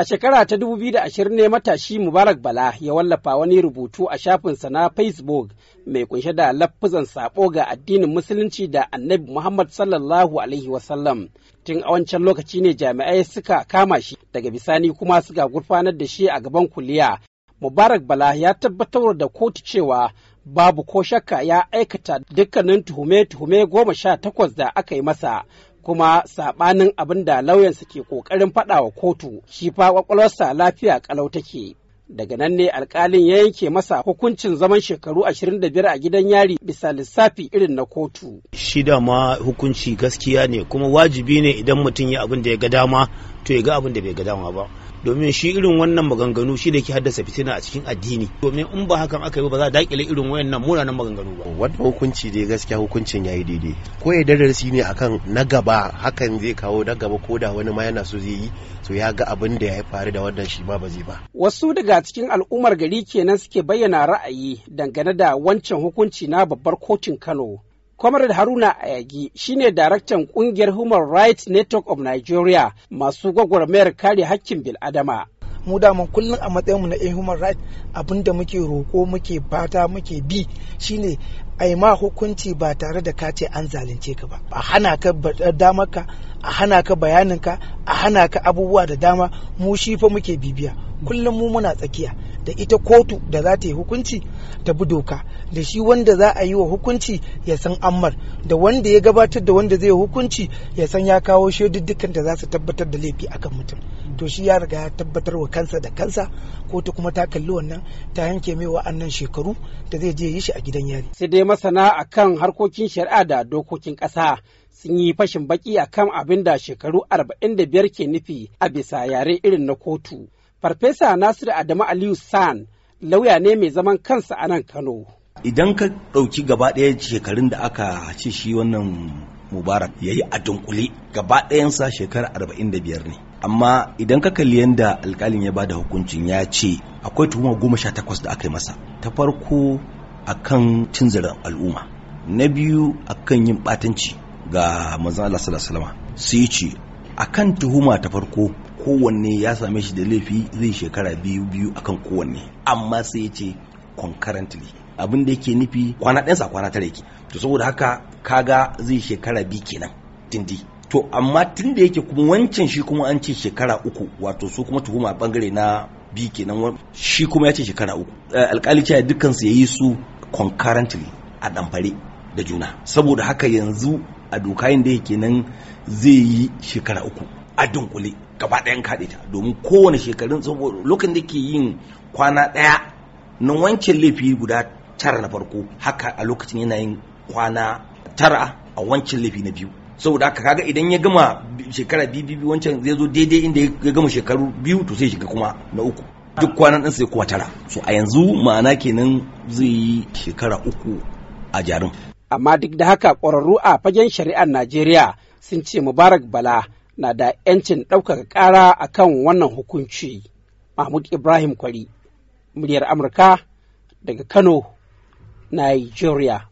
A shekara ta 2020 ne matashi Mubarak Bala ya wallafa wani rubutu a shafinsa na Facebook mai kunshe da lafizan sabo ga addinin Musulunci da Annabi Muhammad sallallahu Alaihi wasallam. Tun a wancan lokaci ne jami'ai suka kama shi daga bisani kuma suka gurfanar da shi a gaban kuliya. Mubarak Bala ya tabbatar da kotu cewa babu ko shakka ya aikata dukkanin tuhume-tuhume goma sha takwas da aka yi masa kuma saɓanin abin da lauyansa ke ƙoƙarin faɗa wa kotu shi fa kwakwalwarsa lafiya ƙalau take. Daga nan ne alkalin ya yanke masa hukuncin zaman shekaru 25 a gidan yari bisa lissafi irin na kotu. Shi ma hukunci gaskiya ne kuma wajibi ne idan mutum ya abin da ya ga dama to ya ga abin da bai ga dama ba domin shi irin wannan maganganu shi da ke haddasa fitina a cikin addini domin in ba hakan aka yi ba za a dakile irin wayannan munanan maganganu ba wannan hukunci dai gaskiya hukuncin yayi daidai ko ya darasi ne akan na gaba hakan zai kawo na gaba ko da wani ma yana so zai yi so ya ga abin da ya faru da wannan shi ma ba zai ba wasu daga cikin al'ummar gari kenan suke bayyana ra'ayi dangane da wancan hukunci na babbar kotun Kano Comrade Haruna Ayagi shine daraktan kungiyar Human Rights Network of Nigeria masu gwagwarmayar kare hakkin bil'adama. mu mun kullum a matsayinmu na in eh, human rights abinda muke roko muke bata muke bi shine a yi ma hukunci ba tare da kace an zalunce ka ba a hana ka eh, damarka a hana ka bayaninka a hana ka abubuwa da dama mu shi fa muke bibiya kullum mu muna tsakiya da ita kotu da za ta yi hukunci ta bi doka da shi wanda za a yi wa hukunci ya san amar da wanda ya gabatar da wanda zai hukunci ya san ya kawo shaiduddukan da za su tabbatar da laifi akan mutum to shi ya riga ya tabbatar wa kansa da kansa ko ta kuma ta kalli wannan ta yanke mai wa'annan shekaru da zai je yi shi a gidan yari sai dai masana akan harkokin shari'a da dokokin ƙasa sun yi fashin baki akan abin da shekaru 45 ke nufi a bisa yare irin na kotu Farfesa Nasiru Adamu Aliyu San lauya ne mai zaman kansa a nan Kano. Idan ka ɗauki gaba ɗaya shekarun da aka ce shi wannan Mubarak ya yi a dunkule gaba ɗayansa shekara arba'in da biyar ne. Amma idan ka kalli yadda alkalin ya bada hukuncin ya ce akwai tuhuma goma sha takwas da aka yi masa. Ta farko a kan cin zaren al'umma. Na biyu a kan yin ɓatanci ga mazan Allah sallallahu alaihi Su yi ce a kan tuhuma ta farko kowanne ya same shi da laifi zai shekara biyu biyu akan kowanne amma sai ya ce concurrently abin da yake nufi kwana ɗansa kwana tara yake to saboda haka kaga zai shekara biyu kenan tindi to amma tun da yake kuma wancan shi kuma an ce shekara uku wato su kuma tuhuma bangare na bi kenan shi kuma ya ce shekara uku eh, alkali cewa dukkan su yayi su concurrently a damfare da juna saboda haka yanzu a doka da yake nan zai yi shekara uku a dunkule gaba ɗayan kaɗe ta domin kowane shekarun saboda lokacin da ke yin kwana ɗaya na wancan laifi guda tara na farko haka a lokacin yana yin kwana tara a wancan laifi na biyu saboda haka kaga idan ya gama shekara biyu wancan zai zo daidai inda ya gama shekaru biyu to sai shiga kuma na uku duk kwanan ɗansa ya kuma tara so a yanzu ma'ana kenan zai yi shekara uku a jarin amma duk da haka kwararru a fagen shari'ar najeriya sun ce mubarak bala na da 'yancin ɗaukaka ƙara a kan wannan hukunci. Mahmud Ibrahim Kwari, muryar Amurka daga Kano, Nigeria.